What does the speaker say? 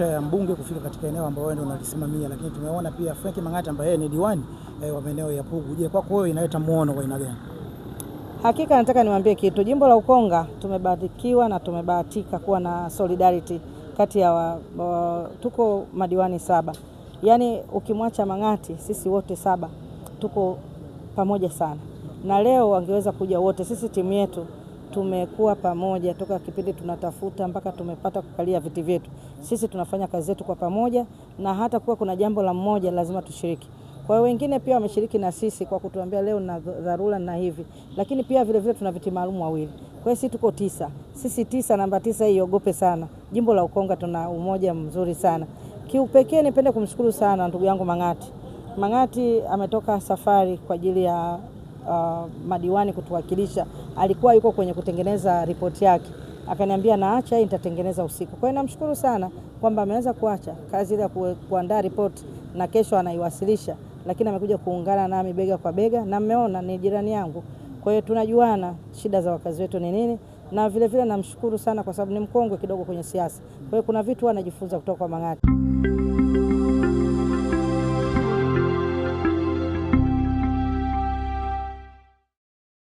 licha ya mbunge kufika katika eneo wewe ndio unalisimamia, lakini tumeona pia Frank Mang'ata ambaye ni diwani eh, wa maeneo ya Pugu. Je, kwako wewe inaleta muono wa aina gani? Hakika nataka niwaambie kitu, jimbo la Ukonga tumebarikiwa na tumebahatika kuwa na solidarity kati ya wa, wa, tuko madiwani saba, yaani ukimwacha Mang'ati sisi wote saba tuko pamoja sana, na leo wangeweza kuja wote, sisi timu yetu tumekuwa pamoja toka kipindi tunatafuta mpaka tumepata kukalia viti vyetu. Sisi tunafanya kazi zetu kwa pamoja, na hata kuwa kuna jambo la mmoja lazima tushiriki. Kwa hiyo wengine pia wameshiriki na sisi kwa kutuambia leo na dharura na hivi, lakini pia vile vile tuna viti maalum wawili. Kwa hiyo sisi tuko tisa, sisi tisa, namba tisa iogope sana. Jimbo la Ukonga tuna umoja mzuri sana. Kiupekee nipende kumshukuru sana ndugu yangu Mang'ati. Mang'ati ametoka safari kwa ajili ya uh, madiwani kutuwakilisha, alikuwa yuko kwenye kutengeneza ripoti yake, akaniambia naacha hii nitatengeneza usiku. Kwa hiyo namshukuru sana kwamba ameweza kuacha kazi ile ya kuandaa ripoti na kesho anaiwasilisha, lakini amekuja kuungana nami bega kwa bega, na mmeona ni jirani yangu, kwa hiyo tunajuana shida za wakazi wetu ni nini na vilevile namshukuru sana kwa sababu ni mkongwe kidogo kwenye siasa, kwa hiyo kuna vitu anajifunza kutoka kwa Mang'ati.